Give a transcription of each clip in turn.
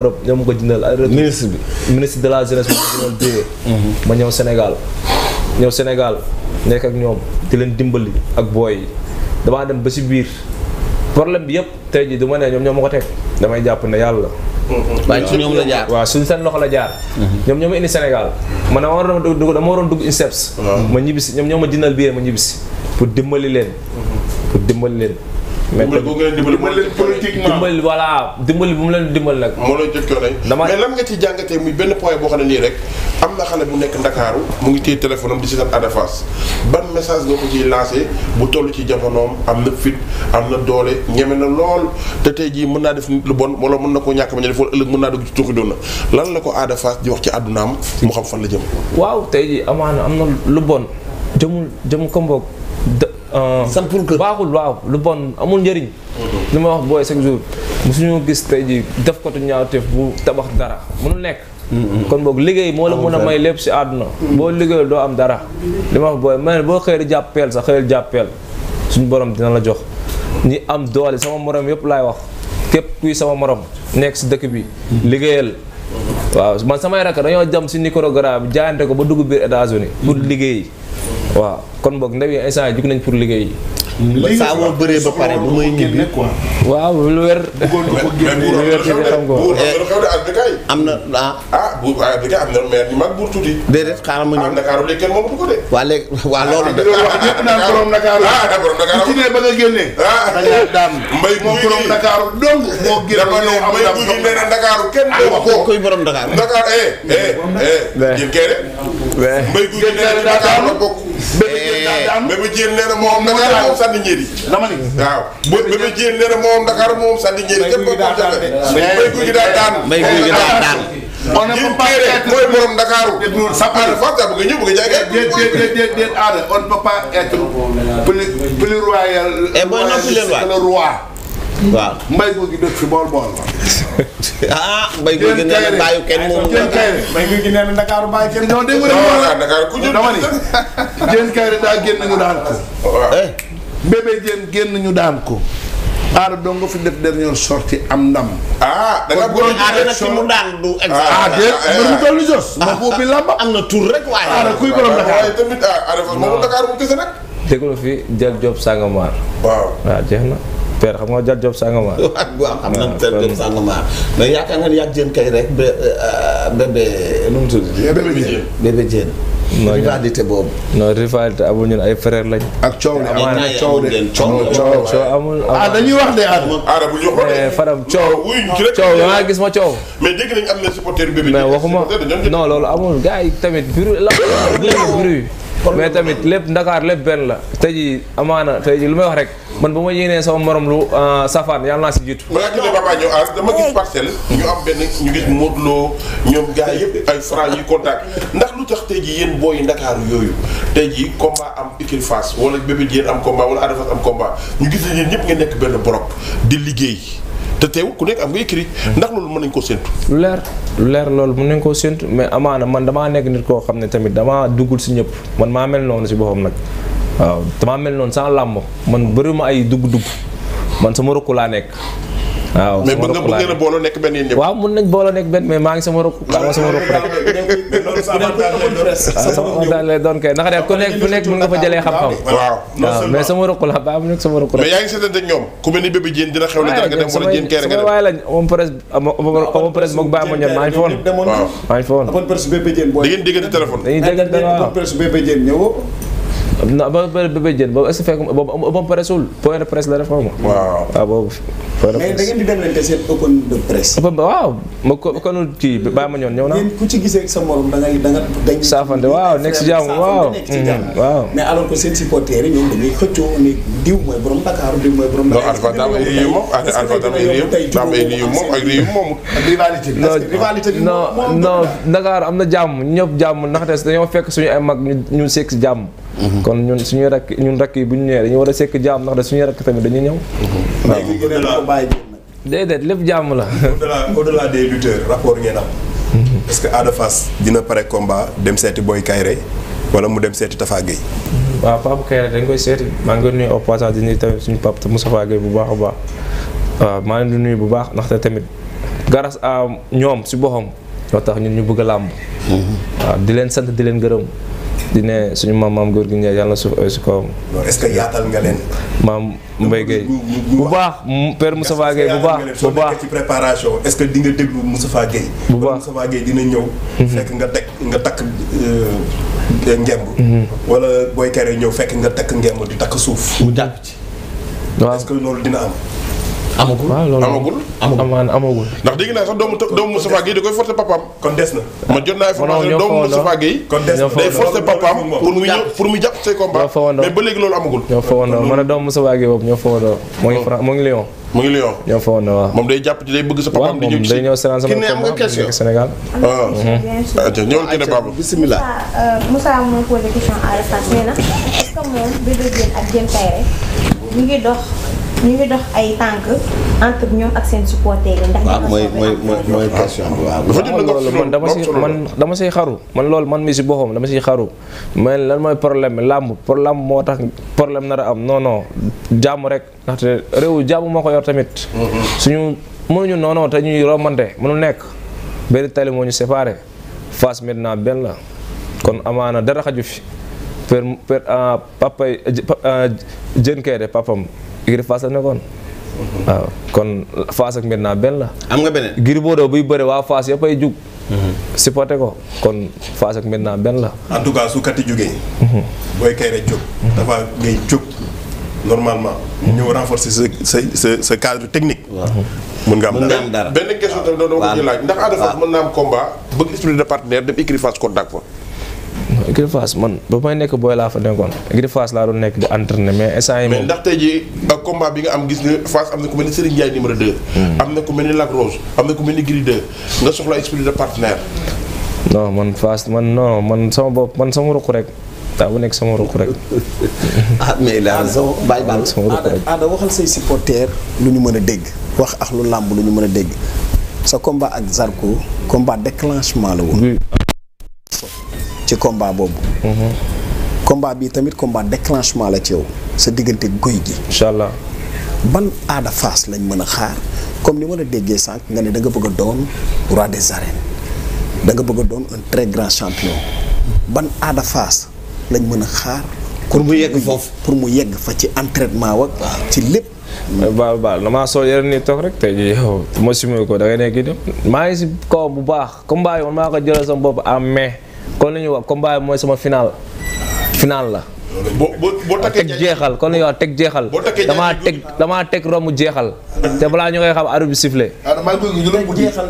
Europe ñoom ko jëndal ministre bi ministre de la jeunesse moom ko jëndal mhm. ma ñëw Sénégal ñëw Sénégal nekk ak ñoom di leen dimbali ak booy yi damaa dem ba si biir problème bi yëpp tey jii du ma ne ñoom ñoo ma ko teg damay jàpp ne yàlla. Mhm. waaye ci ñoom la jaar waaw suñu seen loxo la jaar. Mhm. ñoom ñoom ma indi Sénégal man dama waroon dugg dama waroon dugg INSEPS. ma ñibbisi ñoom ñoom ma jëndal biir ma ñibbisi pour dimbali leen. pour dimbali leen. mais dimbali politiquement dimbali voilà dimbali bu mu leen dimbali nag. moo lay jëkkër rek. mais lan nga ci jàngatee muy benn point boo xam ne nii rek am na xale bu nekk Ndakaaru mu ngi téye téléphone am di seetaan Ada Fass ban message nga ko ciy lancé bu toll ci jamonoom am na fit am na doole ñeme na lool te tey jii mën naa def lu bon wala mën na koo ñàkk ma ñu def wala ëllëg mën naa dugg ci tuuxi doon na lan la ko Ada Fass di wax ci àddunaam mu xam fan la jëm. waaw tey jii amaana am na lu bon jëmul jëm ko Euh, sampul kër baaxul waaw lu bon amul njëriñ. Mhm. li ma wax booy chaque jour gis tey ji def ko tu ñaawteef bu tabax dara mënul nekk. Mhm. kon boog liggéey moo la mën a may lépp si àdduna. boo liggéeyul doo am dara. li ma wax booy man boo xëyee di jàppeel sax xëyal jàppeel suñu boroom dina la jox ñi am doole sama moroom yëpp laay wax képp kuy sama morom nekk si dëkk bi liggéeyal. waaw man samay rakk dañoo jam si Nicaragua bi jaayante ko ba dugg biir États-Unis pour liggéey waaw. kon boog ndaw yi instant yi jug nañ pour liggéey. ba saa woo bëree ba pare bu may ñibbi waaw lu wér. bëggoon na ko génne lu wér ci xam nga eh, am na ah. ah bu ah, Abdou Kaye am na maire ñu mag buur tuuti. déedéet xaaral ma ñëw ah Ndakaaru léegi kenn moomatu ko de. waa léegi waa ah, loolu de. wax ñëpp naan borom Ndakaaru. ah borom Ndakaaru ku ci ne ba nga génne. ah da ah. ngaa daan. mbay moom borom Ndakaaru dong. moo génne am ndam mbay Ndakaaru kenn doo Ndakaaru. Ndakaaru eh eh eh. mbay bu nee na Ndakaaru Bébé Diène nee na moom Dakar moom sànni njëriñ. dama ni waaw Bébé Diène nee na moom Dakar moom sànni njëriñ. mbéy guy daa daan mbéy guy daa daan mbéy guy daa daan. on ne peut pas être mooy borom Dakar. sappaale Fatou Seye bëgg nga ñëw bëgg nga jaay. déet déet on ne peut pas être plus plus royal. et bon non plus le roi. waaw mbay googu dëkk fi bool bool ah mbay googu nee na bàyyi kenn moom jën kayre mbay googu nee na kenn ah, daan ko eh. Eh. bébé jën génn ñu daan ko am ah, da nga bëggoon aada nag fi mu daan du ah déet eh. ah. moom Dakar bu kese nag déglu fi jël job Sangomar waaw waaw jeex na père xam nga Jat Diop Sangomar. waaw xam na Jat ah, Diop Sangomar mais yaakaar nga ni yàgg jën kay rek ba euh, bébé nu mu tudd. bébé jën bébé jën. rivalité boobu. non rivalité amul ñun ay frère lañ. ak coow la amaana coow de coow amul. ah dañuy wax de aadama bu ñu waxoon Fadam coow. coow maa gis ma coow. mais dégg nañ am na supporter bébé. mais waxuma non loolu amul gars yi tamit bruit la bruit. mais tamit lépp Ndakaar lépp benn la tey jii amaana tey jii lu may wax rek man bu ma yéenee sama morom lu euh, safaan yàlla naa si jiitu. balaa ñu ne Papa ñëw ànd ah, dama ñu am benn ñu gis Modou Lo ñoom gars yëpp ay franc yu contact ndax lu tax tey jii yéen booy Ndakaar yooyu tey jii combat am Pikine Fass wala Bébé Diène am combat wala Ada Fass am combat ñu gis ne ñëpp nga nekk benn borok di liggéey. te teewul ku nekk am nga écrit ndax loolu mën nañ koo séntu lu leer lu leer loolu mën nañ koo séntu mais amaana man damaa nekk nit koo xam ne tamit damaa duggul si ñëpp man maa mel noonu si boppam nag waaw damaa mel noonu saa làmb man bëri ma ay dugg-dugg man sama rëkku laa nekk waaw mais bëgg nga bëgg ngeen a booloo nekk benn yéen ñëpp waaw mun nañ booloo nekk benn mais maa ngi sama rokk maa ngi sama rokk rek sama daan ah, lay doon kay naka de ku nekk ku nekk mun nga fa jëlee xam-xam waaw ah, mais sama rokk la ba mu nekk sama rokk rek mais yaa ngi seetaan ak ñoom ku mel ni bébé jéen dina xew la ah, dara nga dem wala jéen kër nga dem waaye lañ moom presse moom presse moog ba ma ñoon maa ngi fa woon maa ngi fa woon open presse bébé jéen da ngeen déggante téléphone dañuy déggante open presse bébé jéen ñëw na ba bébé jéen boobu est-ce que fekk boobu open presse wul point de presse la def xaw ma waaw waaw boobu mais da ngeen di demlante seen open de presse. waaw ma ko kon kii baa ma ñoon ñëw naa. ku ci gisee sa da ngay da nga waaw nekk si jàmm waaw mm, waaw. mais seen supporters yi ñoom mooy borom Dakar diw mooy borom. Dakar alpha daa may lii moom alpha am na jàmm ñëpp jàmm ndaxte dañoo fekk suñu ay mag ñu sekk jàmm. Mhm. kon ñun suñuy rakk ñun rakk yi bu ñu ñëwee dañu war a sekk jàmm ndax suñu rakk tamit dañuy ñëw. Mhm. bàyyi jéem déedéet lépp jàmm la. au delà au delà des lutteurs mhm. que Ada fas dina pare combat dem seeti Boy Kayre wala mu dem seeti tafaa Tafa waa waaw Pape Kayre dañ koy seeti maa ngi koy nuyu au passage di nuyu tamit suñu Pape Moustapha Gueye bu baax a baax waaw maa ngi nuy bu baax ndaxte tamit garas a ah, ñoom si boppam. loo tax ñun ñu bëgg a làmb. Mhm. waaw di leen sant di leen gërëm. dina suñu maam maam góor gi ñëw yàlla na suuf ay si kawam. est-ce que yaatal nga leen. maam Mbaye Gueye bu baax mu Moustapha Gueye bu baax bu baax ci préparation est-ce que di nga déglu Moustapha bu baax Moustapha dina ñëw. Mhm. fekk nga teg nga takk euh, ngemb. Mhm. wala booy karee ñëw fekk nga takk ngemb di takk suuf. mu jàpp ci. waaw est loolu dina am. amagul amagul amagul amagul. ndax dégg naa sax doomu doomu Moustapha Guèye da koy forcer papaam. kon des na ma jot naa information doomu Moustapha Guèye. kon des na day forcer ñoo fa woon man a doomu Moustapha Guèye boobu ñoo fa woon moo ngi oh. Fran moo ngi Lyon. mu ngi Lyon ñoo fa na waaw. moom day jàpp ci day bëgg sa papaam di ñëw ci. waaw moom day ñëw am nga question ki ne ah. euh, mhm. ah, ñëwal ci ne Baba bisimilah. Euh, Moussa moo posé question à l'instant nee na est-ce que moom Bébé Diène ak Diène Kaïré ñu ngi dox ñu ngi dox ay tànk entre ak seen man dama si man dama siy xaru man loolu man mi si boppam dama siy xaru mais lan mooy problème bi làmb pour làmb moo tax problème nar a am non jàmm rek ndaxte réew jàmm moo ko yor tamit. Mhm. suñu mënuñu noonu te ñuy romante mënu nekk benn tali moo ñu séparé face maintenant benn la kon amaana dara xaju fi per per ah, papa kay ah, de papam. Igri Fass la nekkoon. waaw kon Fass ak Medina benn la. am nga beneen Gris Bordeaux buy bëre waa Fass yëpp ay jug. Mhm. supporté ko kon Fass ak Medina benn la. en su kati jugee. Mhm. booy Kayre jóg. dafa mhm. ngay jóg normalement. ñëw renforcer sa sa sa cadre technique. mën nga am dara benn question tamit dama ko ñu laaj ndax Ada Fass mën naa am combat bëgg esprit de partenaire dem Igri Fass contact fa. écurie Fass man ba may nekk booy laa fa nekkoon écurie Fass laa doon nekk di entraîner mais instant yi moom mais ndax tey jii combat bi nga am gis ne Fass am na ku mel ni Serigne Ndiaye numéro 2. Hmm. am na ku mel ni Lac Rose am na ko mel ni Gris 2 nga soxla esprit de partenaire. non man Fass man non man sama bopp man sama ruq rek. daa bu nekk sama ruq rek. ah mais daal bàyyi baal sama ruq rek. waxal say supporters lu ñu mën a dégg wax ak lu làmb lu ñu mën a dégg sa combat ak Zarko combat déclenchement la ci combat boobu. Mhm. combat bii tamit combat déclenchement la ci yow sa diggante guy gi. incha allah ban aada fas lañ mën a xaar comme ni ma la déggee sànq nga ne da nga bëgg a doon roi da nga bëgg a grand champion ban aada fas lañ mën a xaar. pour mu yegg foofu pour mu yegg fa ci entraînement wak ci lépp. baal baal damaa soo yore nii toog rek tey yow ma ko da ngay dem maa ngi si bu baax combat yi man maa ko jëlee sama bopp en mai. kon lañuy ñuy wax combat bi mooy sama final final la. boo boo teg jeexal kon yow teg jeexal. boo takkee damaa teg damaa teg romb jeexal. te balaa ñu xam arbitre bi ah,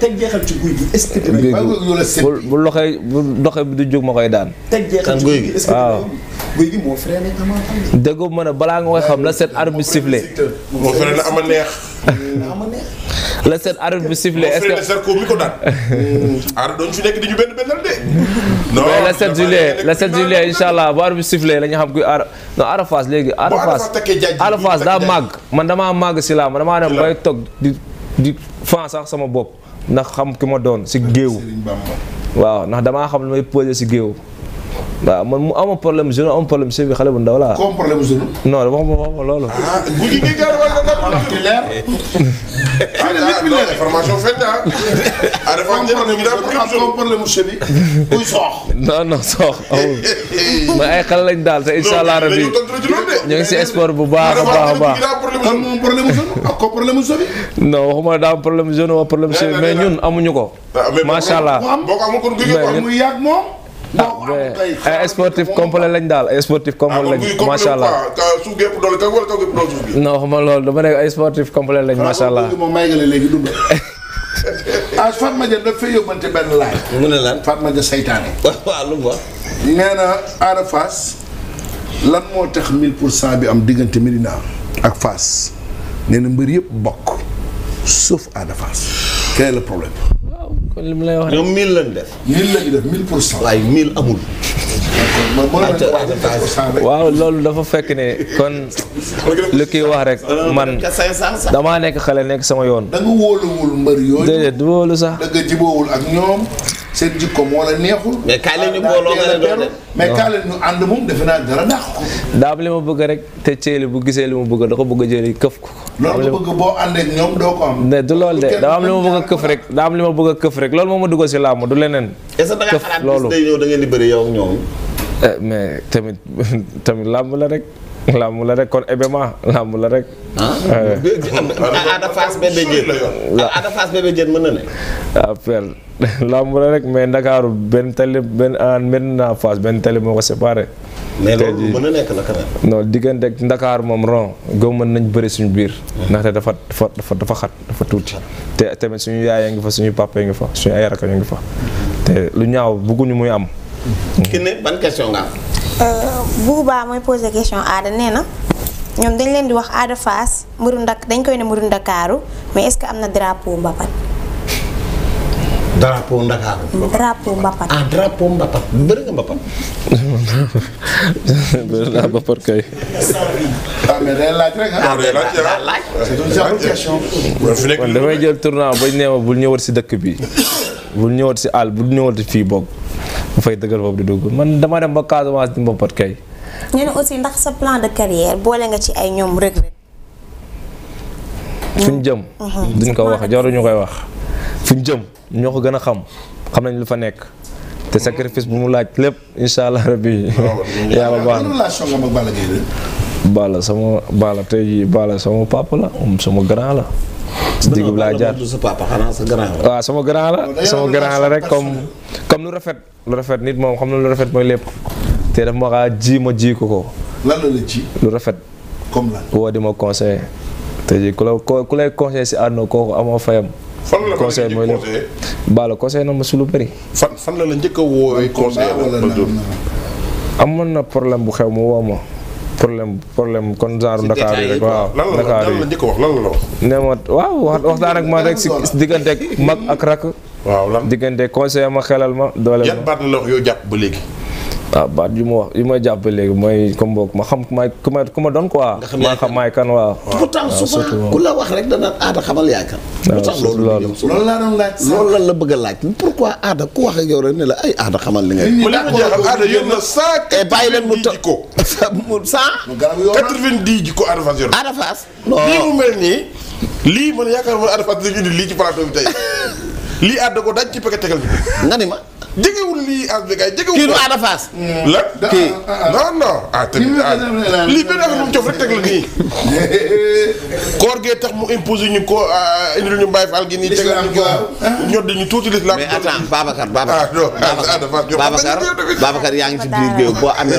teg jeexal ci guy bi. bu bu loxee daan. teg jeexal ci ma ne balaa nga koy xam la set arbitre bi sifflé. moo freiné na ama neex. la set arbitre bi sifflé est-ce mi ko daan. non mais le 7 juillet le 7 juillet incha allah bu arbitre bi sifflé la ñu xam kuy aar non Ada Fass léegi. Ada Fass Ada Fass daa màgg man damaa màgg si laa ma damaa dem bay toog di di fan sax sama bopp ndax xam ki ma doon si géew waaw ndax damaa xam lu may posé si géew waaw man mu amoon problème jeune amoon problème sëñ bi xale bu ndaw laa. comme problème jeune. non wax ma wax ma loolu. ah bu ñu déggee wala dama. wala ci leer. ah formation faite ah. ah dafa am problème jeune bi. muy soox. non non soox amul. mais ay xale lañ daal te incha allah rabi ñu ngi si sport bu baax a baax a baax. kon moom problème jeune ak ko problème jeune bi. non waxuma daa am problème jeune wala problème jeune mais ñun amuñu ko. Ah, macha allah boo ko amul kon guy mais ñun. ay sportif complet lañ daal ay sportif complet lañ macha allah non loolu dama ay sportif complet lañ macha allah ah Fatma Dia daf fay yóbbante benn laaj. mu ne lan Fatma Dia saytaane. waaw lu mu wax. nee na lan moo tax 1000 pour cent bi am diggante Medina ak Fass nee na mbir yëpp bokk sauf Ada Fass quel est problème. kon li lay wax ñoom 1000 lañ def. 1000 lañ amul. waaw loolu dafa fekk ne kon lu kii wax rek man damaa nekk xale nekk sama yoon. da nga wóoluwul sax. da nga jiboowul ak ñoom. seen jikko moo la neexul. mais kaay la ñu ànd moom defe naa dara dàq ko. daa li ma bëgg rek te ceeli bu gisee li ma bëgg da ko bëgg a jëli këf ko. loolu nga bëgg boo ànd ak ñoom doo ko am. du loolu de daa am li ma bëgg këf rek daa am bëgg a këf rek loolu moom ma duggal si làmb du leneen. est-ce da nga bëri yow ak ñoom. Eh, tamit tamit làmb la rek. làmb la rek kon événement làmb la rek. Ah? Eh. Ah, la rek mais Ndakaaru benn tali benn en ah, benn Fass benn tali moo ko séparé. mais loolu nekk la quand diggante ak Ndakaar moom ron gëm mën nañ bëri suñu biir. ndaxte dafa dafa dafa xat dafa tuuti. te tamit suñu yaayee ngi fa suñu papa ngi fa suñu ay rakk ngi fa. te lu ñaaw bëgguñu muy am. am. Euh, Bouba mooy posé question aada nee na ñoom dañ leen di wax aada Fass mburu ndak dañ koy ne mburu ndakaaru mais est-ce que am na drapeau mbapat. drapeau mbapat ah drapeau nga mbapat. kay. ah day damay jël tournant bañ ne ma bul ñëwaat si dëkk bi bul ñëwaat si àll bul ñëwaat fii boog. ku fay dëgër foofu di dugg man dama dem ba Casamance di mboppat kay. ñu ne aussi ndax sa plan de carrière boole nga ci ay ñoom Reug Reug. fuñ jëm. Mhm. duñ ko wax jaruñu koy wax. fuñ jëm ñoo ko gën a xam xam nañ lu fa nekk. te mhm. sacrifice bu mu laaj lépp incha allah rabbi. yàlla baax na relation sama Balla tey jii sama papa la sama grand la. digub laa jaar sa sama grand la sama grand la rek comme comme lu rafet. lu rafet nit moom xam na lu rafet mooy lépp te daf ma waxaa ah, ji ma ji ko ko. lan lu rafet. comme woo di ma conseiller. te ku la ku lay conseiller si àdduna kooku amoo fayam. fan la conseil mooy lépp na ma lu bëri. fan fan la la njëkk a woowee conseil wala amoon na problème bu xew mu woo ma problème problème kon genre ndakaaru rek waaw ndakaaru yi la njëkk wax lan la wax. nee ma waaw rek si diggante mag ak rakk. waaw lan diggante conseiller ma xelal ma. doole ma yan baat la wax yow jàpp ba léegi. waaw ah, baat yu ma wax yu ma jàpp ba léegi mooy comme ma xam may ku ma ku ma doon quoi. maa xam maay kan waaw. pourtant souvent ku la wax rek dana tax loolu loolu bëgg a laaj pourquoi aada ku wax ak yow rek ne la ay aada xamal quatre-vingt-dix eh, ji ko. cent lii mu mel nii. lii man yaakaar ma aada fas li lii ci plateau bi tey lii aat da ko daj ci peke tegal bi. nga ni ma. jegewul lii aat bi kay jegewul. kii du aada faas. la ah, kii ah, ah. non non. ah lii benn affaire bu mu coof rek teg nii. koor gee tax mu imposé ñu ko indil ñu Baay Faal gi nii. tegal ñu ko ñor dañu tuuti l'islam. mais attends Babacar Babacar. ah non aada yaa ngi ci biir géew boo amee.